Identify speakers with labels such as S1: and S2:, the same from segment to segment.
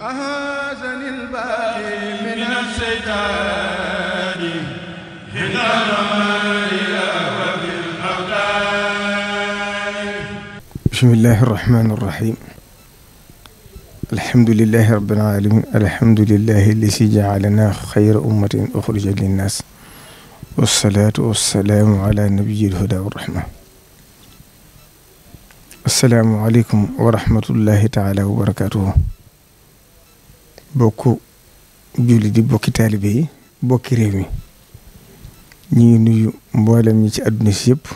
S1: أهازني الباقي من السيطان حين رماني أبد الأوتان بسم الله الرحمن الرحيم الحمد لله رب العالمين الحمد لله الذي جعلنا خير أمة أخرجت للناس والصلاة والسلام على نبي الهدى والرحمة السلام عليكم ورحمة الله تعالى وبركاته bokku julli di bokki taalibe yi bokki réew mi ñu ngi nuyu mboolem ñi ci àdduna si yëpp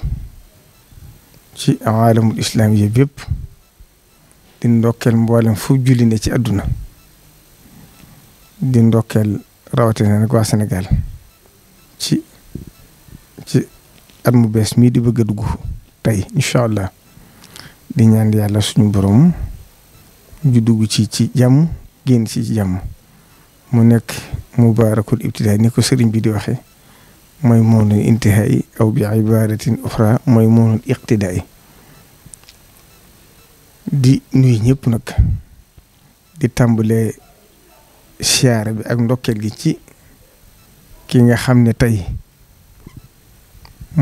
S1: ci aalamul islaam yi yëpp di ndokkeel mboolem fu julli ne ci àdduna di ndokkeel rawatina nag waa Sénégal ci ci at mu bees mii di bëgg duggu dugg tey incha allah di ñaan yàlla suñu borom ju dugg ci ci jàmm. génn ci jàmm mu nekk mubaarakul ibtidaa ni ko sëriñ bi di waxee mooy moonul aw bi ibaratin uxra mooy moonul iqtidaay di nuyu ñëpp nag di tàmbalee siyaare bi ak ndokkeel gi ci ki nga xam ne tey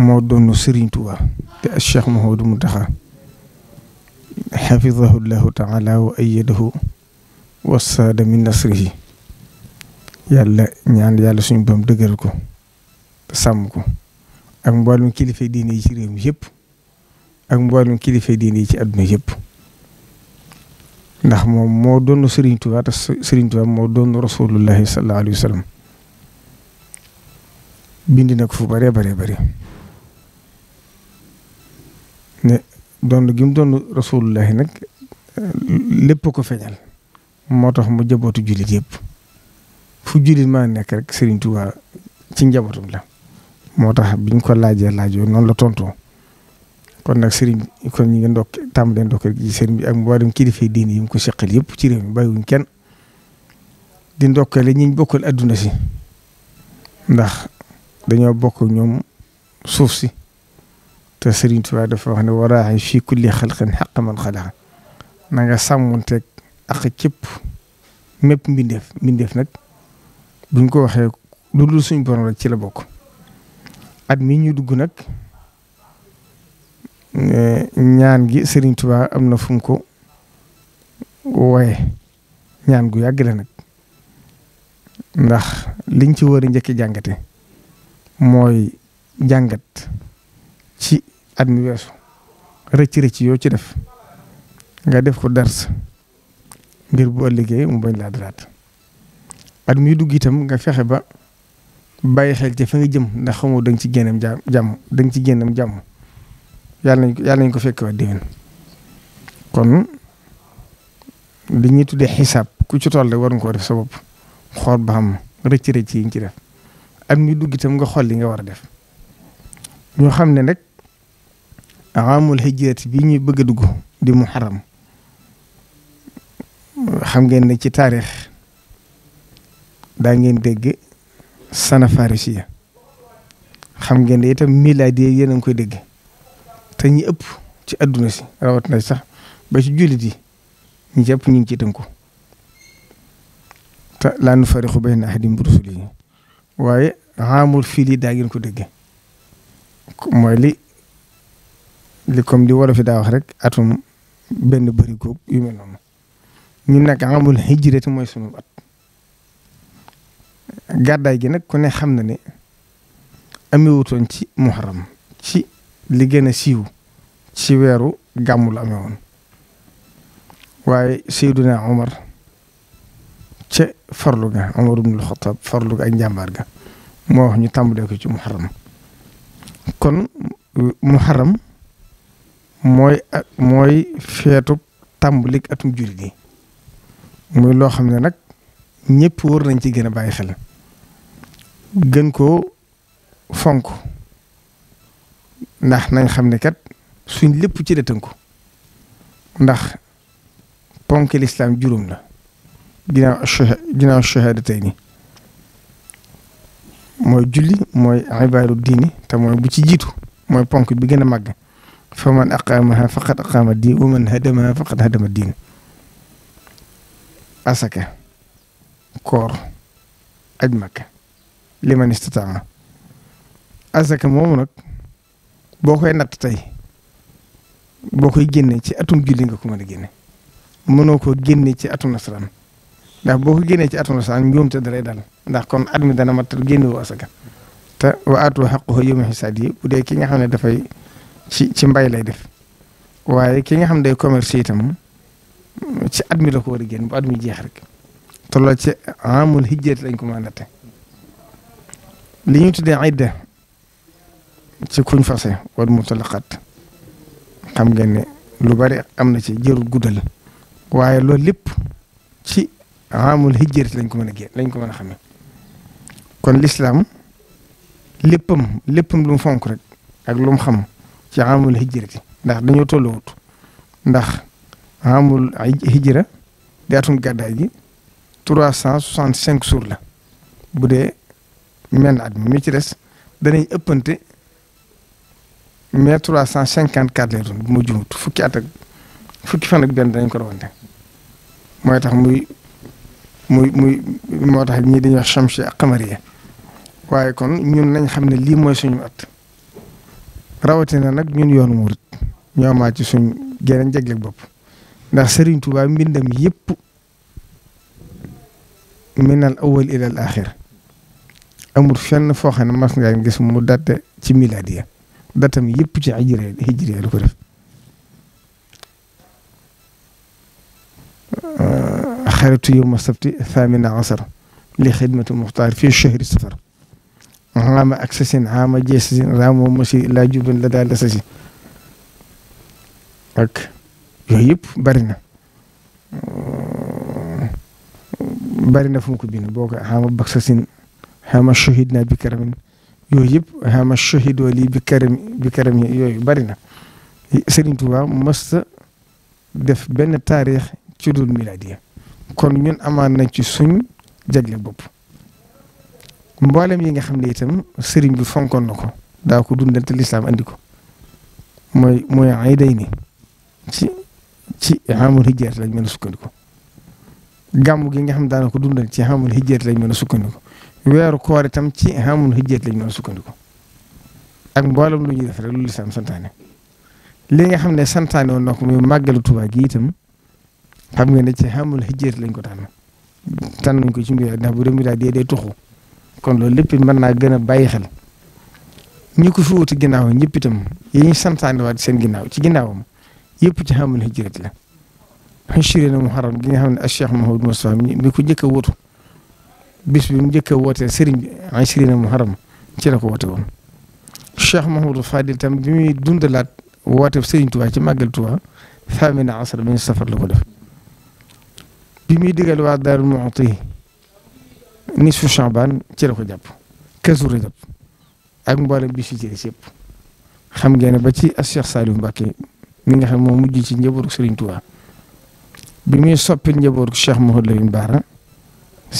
S1: moo doonu Sëriñ Tuubaa te Cheikh Mouhamadou Mountakha xafidahu llahu taala wa ayadahu wasaada min nasrihi yàlla ñaan yàlla suñu bam dëgëral ko sàmm ko ak mboolum kilifa diine ci réew mi yëpp ak mboolum kilifa diine yi ci àdduna yëpp ndax moom moo doon Serigne Touba te Serigne Touba moo doon rasulullahi sallallahu alayhi wa sallam bind fu bëree bëree bëri ne doon gi mu rasulullahi nag lépp ko feñal moo tax mu jabootu jullit yëpp fu jullit ma nekk rek Serigne Touba ci njabootum la moo tax biñ ko laajee laajoo noonu la tontoo kon nag Serigne kon ñu ngi ndokk tàmbalee ndokk rek ci Serigne bi ak mboolem kilifa diine yi mu ko seqal yëpp ci réew mi bàyyiwuñ kenn di ndokkale ñiñ bokkal adduna si ndax dañoo bokk ñoom suuf si te Serigne Touba dafa wax ne waraaxi fii kulli xalqin xaq man xalaqa na nga sàmmonteeg ak képp. mépp mbindeef mbindeef nag buñ ko waxee lu dul suñ borom rek ci la bokk at mi ñu dugg nag ñaan gi sëriñ Touba am na fu mu waaye ñaan gu yàgg nag ndax liñ ci war a jàngate mooy jàngat ci at mi weesu rëcc rëcc yoo ci def nga def ko dars ngir bu ëllëgee mu laa dalaat at muy dugg itam nga fexe ba bàyyi xel ci fa nga jëm ndax xamoo da ci génneem jàmm jàmm da nga ci génneem jàmm yàlla nañ ko yàlla nañ ko fekk wax kon li ñuy tuddee xisaab ku ci toll war nga koo def sa bopp xool ba xam rëcc rëcc yi nga ci def at muy dugg itam nga xool li nga war a def ñoo xam ne nag amul hijjat bi ñuy bëgg a dugg di muharram xam ngeen ne ci taarix daa ngeen dégg sana farisiya xam ngeen de itam milaadi yéen a ngi koy dégg te ñi ëpp ci adduna si rawat na sax ba ci jullit yi ñi jàpp ñu ngi ciy tënku te laa nu farixu bayna ahadim rusuli yi waaye xaamul fii lii daa ngeen ko dégg mooy li li di li wolof fi daa wax rek atum benn bëri góob yu mel ñu nag amul hijrati mooy sunu at gàddaay gi nag ku ne xam na ne amewutoon ci muharram ci li gën a siiw ci weeru gàmmu la amee woon waaye Seyduna Omar ca farlu ga Omar ibnul Xattaab farlu ga ak njàmbaar ga moo wax ñu tàmbalee ko ci muharram kon muharram mooy mooy feetu tàmbalik atum jur gi muy loo xam ne nag ñëpp war nañ ci gën a bàyyi xel gën ko fonk ndax nañ xam ne kat suñ lépp ci la tënku ndax ponk lislaam juróom la ginnaaw ginnaaw shahadatayni mooy julli mooy ibaadu diini te mooy bu ci jiitu mooy ponk bi gën a màgg fa man aqaamaha faqad aqaama diin wa man hadamaha faqad hadama diin asaka koor aj makka liman istataa asaka moomu nag boo koy natt tey boo koy génnee ci atum julli nga ko mën a génne mënoo ko génne ci atum nasaraan ndax boo ko génnee ci atum nasaraan njuumte dalay dal ndax kon at mi dana matal génne woo asaka te wa aatu xaquhu yawma xisaadihi bu dee ki nga xam ne dafay ci ci mbay lay def waaye ki nga xam ne day commerce itam ci at mi la ko war a bu at jeex rek tolloo ci amul hijjat lañ ko mën a natte li ñu tuddee idda ci kuñ fase wala mutalaqat xam nga ne lu bari am na ci jërul guddal waaye loolu lépp ci amul hijjat lañ ko mën a génn lañ ko mën a xamee kon lislaam léppam léppam lu fonk rek ak lu xam ci amul hijjati ndax dañoo tolluwut ndax amul hijra di atum gàddaay gi trois cent soixante cinq jours la bu dee menn at mu mi ci des danañ ëppante mais trois cent cinquante quatre lay doon bu ma jumut fukki at ak fukki fan benn danañ ko rawante mooy tax muy muy muy moo tax ñii dañuy wax chamsi ak xamariya waaye kon ñun nañ xam ne lii mooy suñu at rawatina nag ñun yoonu murit ñoo maa ci suñ geneen jegleeg bopp ndax Serigne Touba mbindam yëpp minal awal ilal axir amul fenn foo xam ne mas ngaa gis mu datte ci miladiya datam yëpp ci hijriya hijriya lu ko def ah, xaritu yowma sabti thamina asar li xidmatu muxtaar fii chahri safar xaama ak sasin xaama jeesasin raamoo masi laa jubin la daal la sasi yooyu yëpp bari na bari na fu mu ko bind boo ko baksasin xaama shahid naa bi karamin yooyu yëpp xaama shahidoo lii bi karam bari na Serigne def benn taarix ci dul miladiya kon ñun amaan nañ ci suñ jagle bopp mboolem yi nga xam ne itam sëriñ bi fonkoon na ko daa ko lislaam andi ko day ni ci amul hijjeet lañ mën a sukkandiko gàmm gi nga xam daana ko dundal ci amul hijjeet lañ mën a sukkandiku weeru koor tam ci amul hijjeet lañ mën a sukkandiku ak mboolom lu ñuy def rek lu lislaam santaane li nga xam ne santaane woon na ko gi itam xam nga ne ci amul hijjeet lañ ko tànn tànnuñ ko ci mbir ndax bu dem bi daal dee dee tuxu kon loolu lépp mën naa gën a bàyyi xel ñu ko fi wuti ginnaaw ñëpp itam yi ñu santaane waat seen ginnaaw ci ginnaawam. yëpp ci xamul hijrat la xëy na muharram gi nga xam ne ak Cheikh Mouhamadou Moustapha mi ko njëkk a wóotu bis bi mu njëkk a wootee sëriñ bi ashrina muharram ci la ko woote woon. Cheikh Mouhamadou Fadil tam bi muy dundalaat woote sëriñ Touba ci màggal a thamina asar min safar la ko def bi muy digal waa Daaru Muxti nisfu Shaaban ci la ko jàpp Kazu Rajab ak mboolem bis yi ci des yëpp xam ngeen ne ba ci ak Cheikh mi nga xam moo mujj ci njabootu Serigne Touba bi muy soppi njabootu Cheikh Mouhamadou Lamine Bara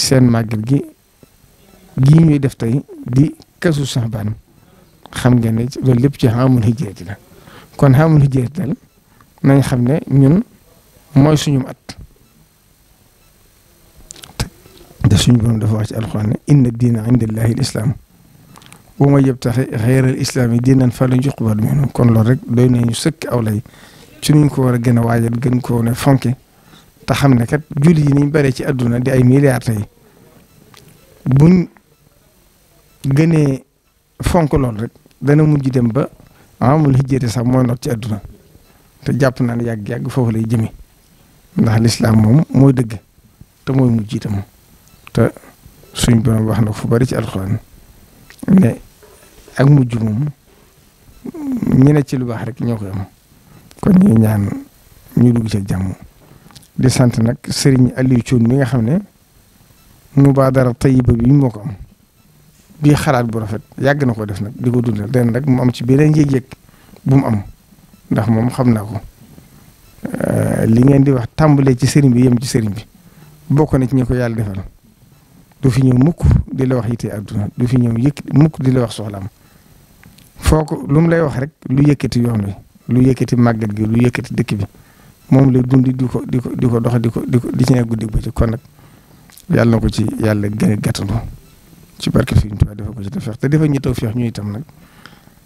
S1: seen màggal gi gii ñuy def tey di kasu Saxbaan xam ngeen ne loolu lépp ci amul hijrati la kon amul hijrati dal nañ xam ne ñun mooy suñu at te suñu borom dafa wax ci alxuraan ne inna diina inda llaahi l wa man yabtaxi xeeral islam yi diinan falan yuqbal minhu kon loolu rek doy nañu sëkk aw lay ci nuñ ko war a gën a waajal gën koo ne fonke te xam ne kat juli yi niñ bare ci àdduna di ay milliards tey buñ gënee fonk lool rek dana mujj dem ba amul hijjate sax mooy not ci àdduna te jàpp naa ne yàgg-yàgg foofu lay jëme ndax lislaam moom mooy dëgg te mooy mujj itam te suñ borom wax na fu bari ci alxuraan mais ak mujj moom ñu ne ci lu baax rek ñoo ko am kon ñu ñaan ñu dugg ci jàmm di sant nag Serigne Aliou Thioune mi nga xam ne mubaadara tayiba bi moo ko am bii xalaat bu rafet yàgg na ko def nag di ko dundal den rek mu am ci beneen yëg-yëg bu mu am ndax moom xam naa ko euh, li ngeen di wax tàmbalee ci sëriñ bi yem ci sëriñ bi bokk na ci ñi ko yàlla defal. du fi ñëw mukk di la wax yite àdduna du fi ñëw yëkk mukk di la wax soxlaam foo ko lu mu lay wax rek lu yëkkati yoon wi lu yëkkati màggat gi lu yëkkati dëkk bi moom lay dund di ko di ko di ko dox di ko di ko di ci nekk guddi ba ci kon nag yàlla na ko ci yàlla gën a gàttandu ci barke Sëriñ Tuubaa dafa ko ci tawfeex te dafa ñu tawfeex ñu itam nag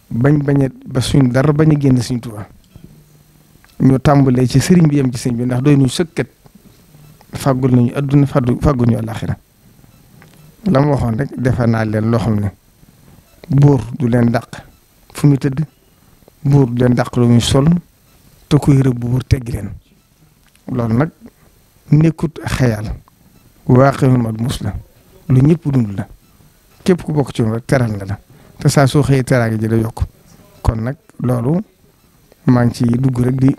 S1: bañ bañ ba suñ dara bañ a génn Sëriñ Tuubaa ñu tàmbalee ci sëriñ bi yem ci sëriñ bi ndax doy ñu sëkkat fàggul nañu adduna fàggu fàgguñu àllaaxira la waxoon rek defe naa leen loo xam ne buur du leen dàq fu muy tëdd buur du leen dàq lu muy sol te kuy rëbb buur teggi leen loolu nag nekkut xayaal waaqewul mat mus la lu ñëpp dund la képp ku bokk ci moom rek teral na la te saa soo xëyee teraange ji la yokk kon nag loolu maa ngi ciy dugg rek di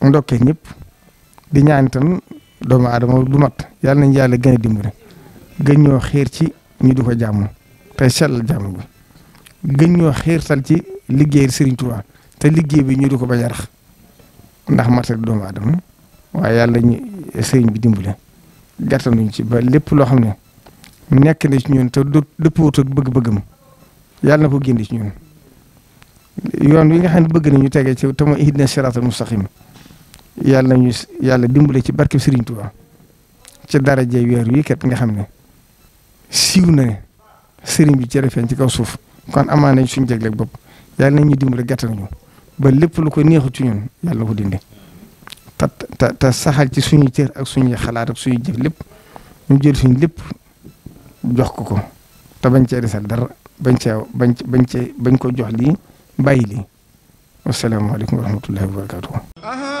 S1: ndokkee ñëpp di ñaan itam doomu adama du mat yàlla nañ yàlla gën a dimbali gën ñoo xiir ci ñu di ko jàmm te sellal jàmm bi gën ñoo xiirtal ci liggéey Serigne Touba te liggéey bi ñu du ko bañ a rax ndax mata doomu aadama waaye yàlla ñu sëriñ bi dimbale gàttanuñ ci ba lépp loo xam ne nekk na ci ñun te dëppoot ak bëgg-bëggam yàlla na ko génne ci ñun yoon wi nga xam ne bëgg nañu tegee ci te mooy ihdina siraatal mustaqim yàlla ñu yàlla dimbale ci barki Serigne Touba ci daraje weer wi kat nga xam ne siiw na sëriñ bi cere feeñ ci kaw suuf kon amaa nañ suñ jegleeg bopp yàlla nañ ñu dimbali gàttal ñu ba lépp lu ko neexu ci ñun yàlla ko dindi te te te saxal ci suñu cër ak suñuy xalaat ak suñuy jëf lépp ñu jël suñ lépp jox ko ko te bañ cee desal dara bañ cee bañ bañ cee bañ ko jox lii bàyyi lii wasalaamaaleykum wa rahmatullahi wa